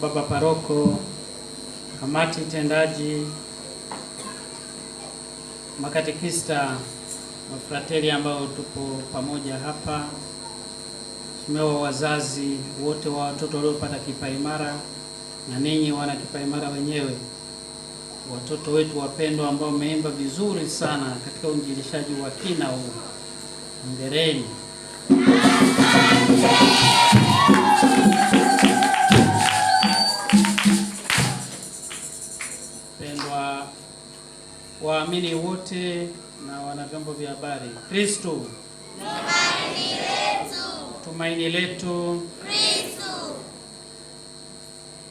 Baba Paroko, kamati tendaji, makatekista, mafrateli ambao tupo pamoja hapa, Mheshimiwa wazazi wote wa watoto waliopata kipaimara na ninyi wana kipaimara wenyewe, watoto wetu wapendwa ambao mmeimba vizuri sana katika uinjilishaji wa kina huu, hongereni. waamini wote na wana vyombo vya habari. Kristo tumaini letu. Kristo.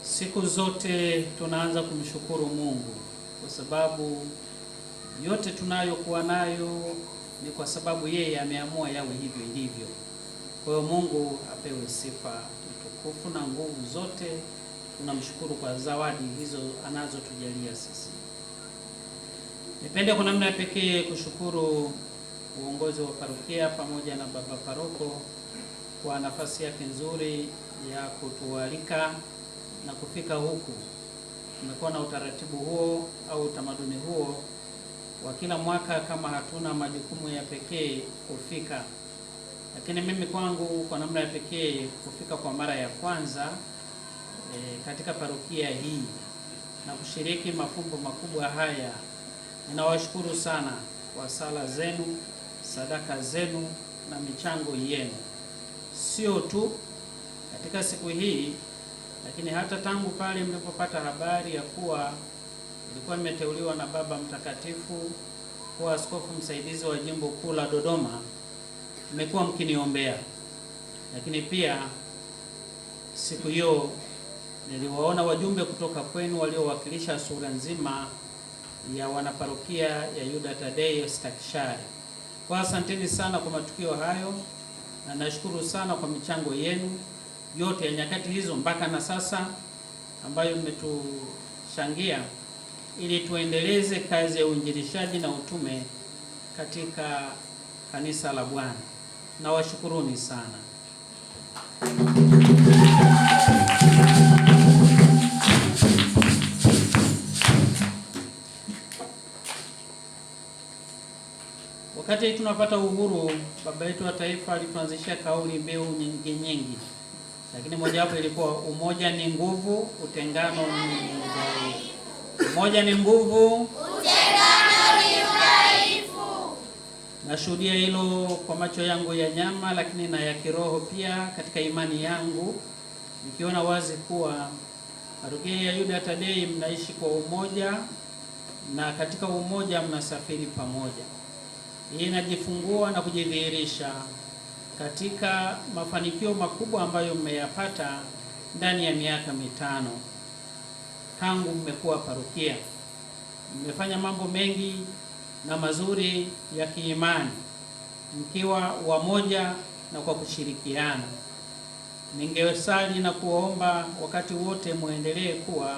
Siku zote tunaanza kumshukuru Mungu kwa sababu yote tunayokuwa nayo ni kwa sababu yeye ameamua yawe hivyo hivyo. Kwa hiyo Mungu apewe sifa utukufu na nguvu zote. Tunamshukuru kwa zawadi hizo anazotujalia sisi. Nipende kwa namna ya pekee kushukuru uongozi wa parokia pamoja na baba paroko kwa nafasi yake nzuri ya kutualika na kufika huku. Tumekuwa na utaratibu huo au utamaduni huo wa kila mwaka kama hatuna majukumu ya pekee kufika, lakini mimi kwangu kwa namna ya pekee kufika kwa mara ya kwanza e, katika parokia hii na kushiriki mafumbo makubwa haya Ninawashukuru sana kwa sala zenu, sadaka zenu na michango yenu, sio tu katika siku hii, lakini hata tangu pale mlipopata habari ya kuwa nilikuwa nimeteuliwa na Baba Mtakatifu kuwa askofu msaidizi wa jimbo kuu la Dodoma, mmekuwa mkiniombea, lakini pia siku hiyo niliwaona wajumbe kutoka kwenu waliowakilisha sura nzima ya wanaparokia ya Yuda Tadeyo Stakishari. Kwa asanteni sana kwa matukio hayo, na nashukuru sana kwa michango yenu yote ya nyakati hizo mpaka na sasa ambayo mmetuchangia ili tuendeleze kazi ya uinjilishaji na utume katika kanisa la Bwana. Nawashukuruni sana. Wakati tunapata uhuru, baba yetu wa taifa alituanzishia kauli mbiu nyingi nyingi, lakini mojawapo ilikuwa umoja ni nguvu, utengano ni udhaifu. Umoja ni nguvu, utengano ni udhaifu. Nashuhudia hilo kwa macho yangu ya nyama, lakini na ya kiroho pia, katika imani yangu nikiona wazi kuwa parokia ya Yuda Tadei mnaishi kwa umoja na katika umoja mnasafiri pamoja inajifungua na kujidhihirisha katika mafanikio makubwa ambayo mmeyapata ndani ya miaka mitano tangu mmekuwa parokia. Mmefanya mambo mengi na mazuri ya kiimani mkiwa wamoja na kwa kushirikiana. Ningesali na kuomba wakati wote muendelee kuwa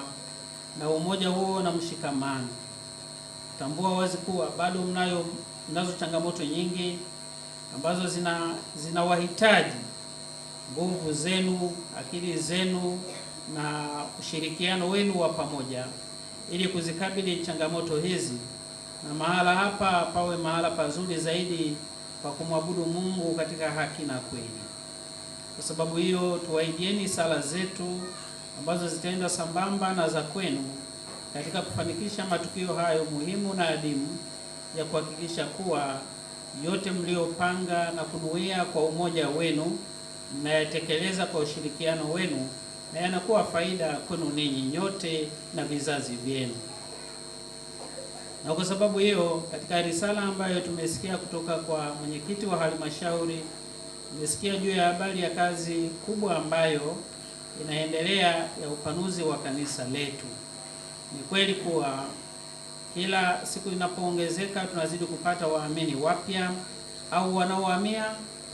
na umoja huo na mshikamano. Tambua wazi kuwa bado mnayo nazo changamoto nyingi ambazo zina zinawahitaji nguvu zenu, akili zenu na ushirikiano wenu wa pamoja ili kuzikabili changamoto hizi, na mahala hapa pawe mahala pazuri zaidi pa kumwabudu Mungu katika haki na kweli. Kwa sababu hiyo, tuwaidieni sala zetu ambazo zitaenda sambamba na za kwenu katika kufanikisha matukio hayo muhimu na adimu ya kuhakikisha kuwa yote mliopanga na kunuia kwa umoja wenu mnayatekeleza kwa ushirikiano wenu na yanakuwa faida kwenu ninyi nyote na vizazi vyenu. Na kwa sababu hiyo, katika risala ambayo tumesikia kutoka kwa mwenyekiti wa halmashauri, tumesikia juu ya habari ya kazi kubwa ambayo inaendelea ya upanuzi wa kanisa letu. Ni kweli kuwa ila siku inapoongezeka tunazidi kupata waamini wapya au wanaohamia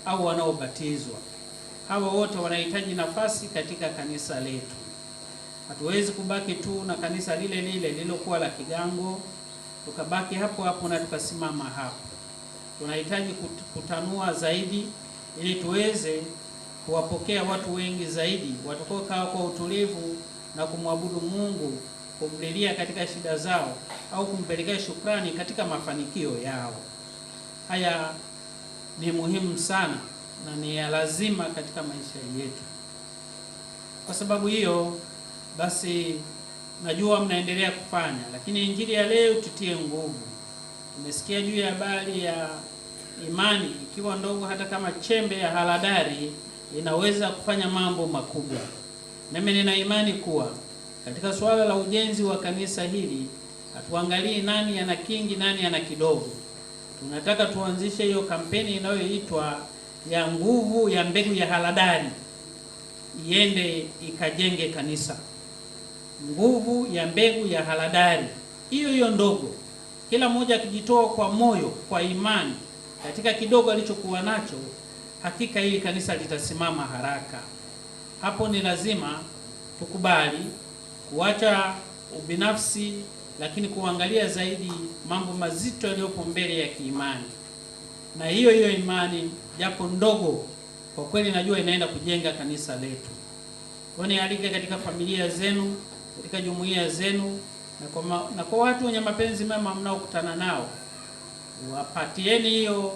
au wanaobatizwa. Hawa wote wanahitaji nafasi katika kanisa letu. Hatuwezi kubaki tu na kanisa lile lile lililokuwa la kigango, tukabaki hapo hapo na tukasimama hapo. Tunahitaji kutanua zaidi, ili tuweze kuwapokea watu wengi zaidi watakaokaa kwa utulivu na kumwabudu Mungu kumlilia katika shida zao au kumpelekea shukrani katika mafanikio yao. Haya ni muhimu sana na ni ya lazima katika maisha yetu. Kwa sababu hiyo basi, najua mnaendelea kufanya, lakini injili ya leo tutie nguvu. Tumesikia juu ya habari ya imani, ikiwa ndogo, hata kama chembe ya haradali, inaweza kufanya mambo makubwa. Mimi nina imani kuwa katika suala la ujenzi wa kanisa hili hatuangalii nani ana kingi, nani ana kidogo. Tunataka tuanzishe hiyo kampeni inayoitwa ya nguvu ya mbegu ya haradali, iende ikajenge kanisa. Nguvu ya mbegu ya haradali hiyo hiyo ndogo, kila mmoja akijitoa kwa moyo, kwa imani, katika kidogo alichokuwa nacho, hakika hili kanisa litasimama haraka. Hapo ni lazima tukubali kuacha ubinafsi, lakini kuangalia zaidi mambo mazito yaliyopo mbele ya kiimani. Na hiyo hiyo imani japo ndogo, kwa kweli najua inaenda kujenga kanisa letu. Kwa hiyo katika familia zenu, katika jumuiya zenu na kwa, ma, na kwa watu wenye mapenzi mema mnaokutana nao, wapatieni hiyo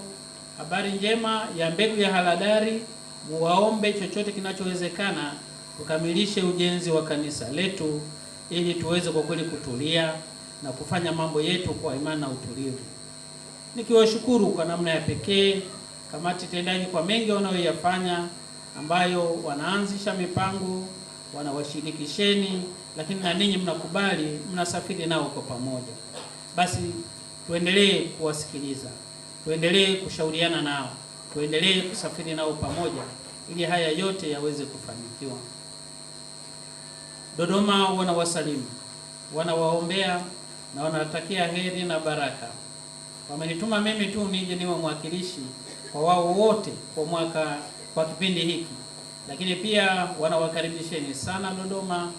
habari njema ya mbegu ya haradali, muwaombe chochote kinachowezekana tukamilishe ujenzi wa kanisa letu ili tuweze kwa kweli kutulia na kufanya mambo yetu kwa imani na utulivu. Nikiwashukuru kwa namna ya pekee kamati tendaji kwa mengi wanayoyafanya, ambayo wanaanzisha mipango, wanawashirikisheni, lakini na ninyi mnakubali, mnasafiri nao kwa pamoja. Basi tuendelee kuwasikiliza, tuendelee kushauriana nao, tuendelee kusafiri nao pamoja, ili haya yote yaweze kufanikiwa. Dodoma wanawasalimu, wanawaombea na wanawatakia heri na baraka. Wamenituma mimi tu nije niwe mwakilishi kwa wao wote kwa mwaka kwa kipindi hiki, lakini pia wanawakaribisheni sana Dodoma.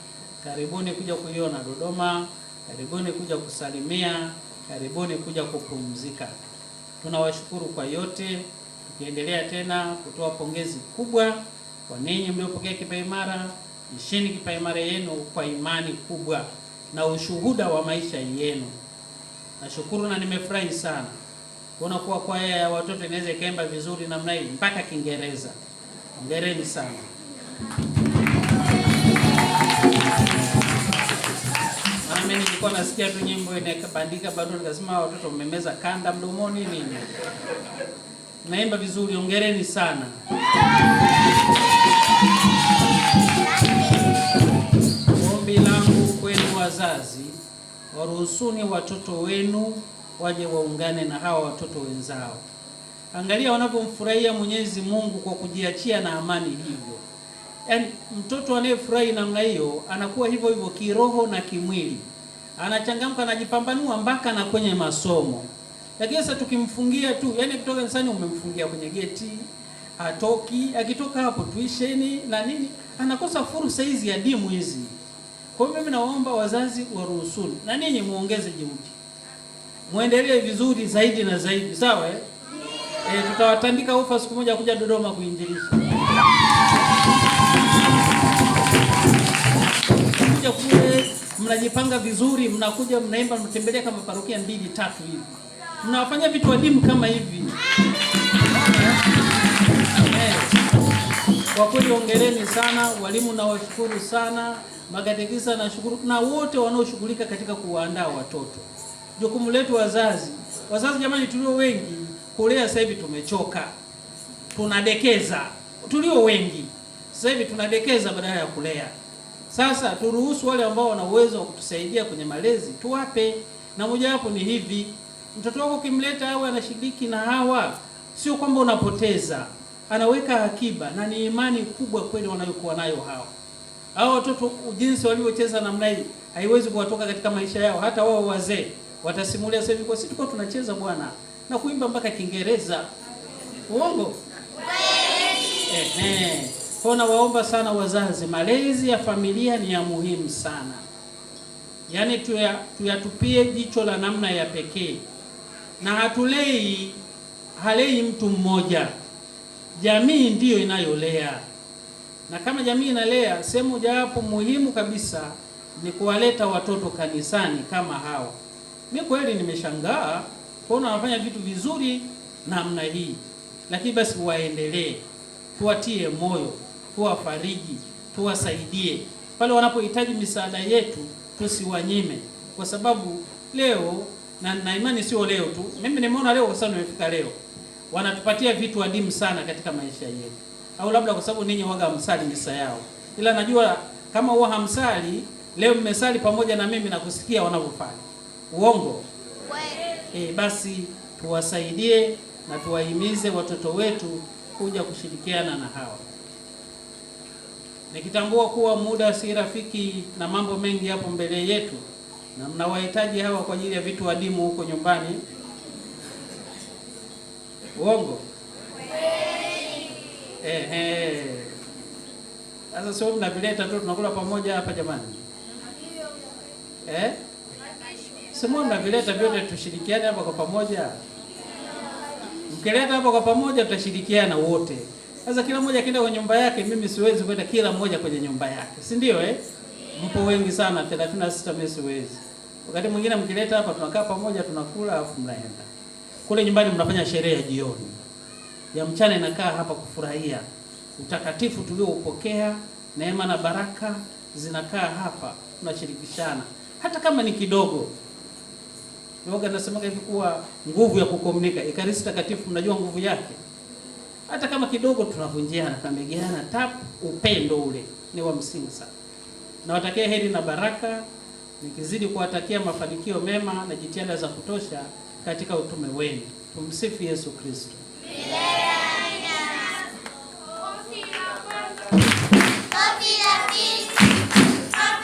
Karibuni kuja kuiona Dodoma, karibuni kuja kusalimia, karibuni kuja kupumzika. Tunawashukuru kwa yote, tukiendelea tena kutoa pongezi kubwa kwa ninyi mliopokea kipaimara Ishini kipaimara yenu kwa imani kubwa na ushuhuda wa maisha yenu. Nashukuru na nimefurahi sana kuona kuwa kwaya ya watoto inaweza ikaimba vizuri namna hii mpaka Kiingereza. Hongereni sana. Mimi nilikuwa nasikia tu nyimbo inakabandika bado, nikasema watoto mmemeza kanda mdomoni nini? Naimba vizuri, hongereni sana. wazazi, waruhusuni watoto wenu waje waungane na hawa watoto wenzao. Angalia wanavyomfurahia Mwenyezi Mungu kwa kujiachia na amani hivyo. Yaani, mtoto anayefurahi namna hiyo anakuwa hivyo hivyo kiroho na kimwili, anachangamka, anajipambanua mpaka na kwenye masomo. Lakini sasa tukimfungia tu, yaani kutoka nsani, umemfungia kwenye geti, hatoki. Akitoka hapo tuisheni na nini, anakosa fursa hizi adimu hizi. Kwa hiyo mimi naomba wazazi waruhusuni na ninyi muongeze juhudi, muendelee vizuri zaidi na zaidi, sawa eh? E, tutawatandika ufa siku moja kuja Dodoma kuinjilisha, kuja kule mnajipanga vizuri, mnakuja mnaimba, mnatembelea kama parokia mbili tatu hivi, mnawafanya vitu adimu kama hivi. Kwa kweli hongereni sana walimu, nawashukuru sana makatekista, nashukuru na wote wanaoshughulika katika kuwaandaa watoto. Jukumu letu wazazi, wazazi jamani, tulio wengi kulea sasa hivi tumechoka, tunadekeza. Tulio wengi sasa hivi tunadekeza badala ya kulea. Sasa turuhusu wale ambao wana uwezo wa kutusaidia kwenye malezi tuwape, na mojawapo ni hivi, mtoto wako ukimleta awe anashiriki na hawa, sio kwamba unapoteza anaweka akiba, na ni imani kubwa kweli wanayokuwa nayo hao hao watoto. Jinsi walivyocheza namna hii haiwezi kuwatoka katika maisha yao. Hata wao wazee watasimulia sasa hivi, kwa sisi tulikuwa tunacheza bwana na kuimba mpaka Kiingereza. Uongo? Ehe. Kwa nawaomba sana wazazi, malezi ya familia ni ya muhimu sana, yaani tuyatupie tuya jicho la namna ya pekee, na hatulei halei mtu mmoja jamii ndiyo inayolea, na kama jamii inalea, sehemu jawapo muhimu kabisa ni kuwaleta watoto kanisani kama hawa. Mimi kweli nimeshangaa kuona wanafanya vitu vizuri namna hii, lakini basi waendelee, tuwatie moyo, tuwafariji, tuwasaidie pale wanapohitaji misaada yetu, tusiwanyime, kwa sababu leo na na imani sio leo tu, mimi nimeona leo kwa sababu nimefika leo wanatupatia vitu adimu sana katika maisha yetu, au labda kwa sababu ninyi waga hamsali misa yao, ila najua kama huwa hamsali leo, mmesali pamoja na mimi na kusikia wanavyofanya uongo e, basi tuwasaidie na tuwahimize watoto wetu kuja kushirikiana na hawa, nikitambua kuwa muda si rafiki na mambo mengi hapo mbele yetu, na mnawahitaji hawa kwa ajili ya vitu adimu huko nyumbani. Uongo? Eh, eh. Sasa sio mnavileta tu tunakula pamoja hapa jamani. Eh? Sema mnavileta vyote tushirikiane hapa kwa pamoja. Mkileta hapa kwa pamoja tutashirikiana wote. Sasa kila mmoja akienda kwa nyumba yake, mimi siwezi kwenda kila mmoja kwenye nyumba yake. Si ndio eh? Mpo wengi sana 36 mimi siwezi. Wakati mwingine mkileta hapa tunakaa pamoja tunakula afu mnaenda. Kule nyumbani mnafanya sherehe ya jioni, ya mchana inakaa hapa kufurahia utakatifu tulioupokea, neema na baraka zinakaa hapa, tunashirikishana hata kama ni kidogo. Yoga nasema hivi kuwa nguvu ya kukomunika Ekaristi Takatifu, mnajua nguvu yake, hata kama kidogo tunavunjiana, tunamegeana tap. Upendo ule ni wa msingi sana. Nawatakia heri na baraka, nikizidi kuwatakia mafanikio mema na jitihada za kutosha katika utume wenu. Tumsifu Yesu Kristo.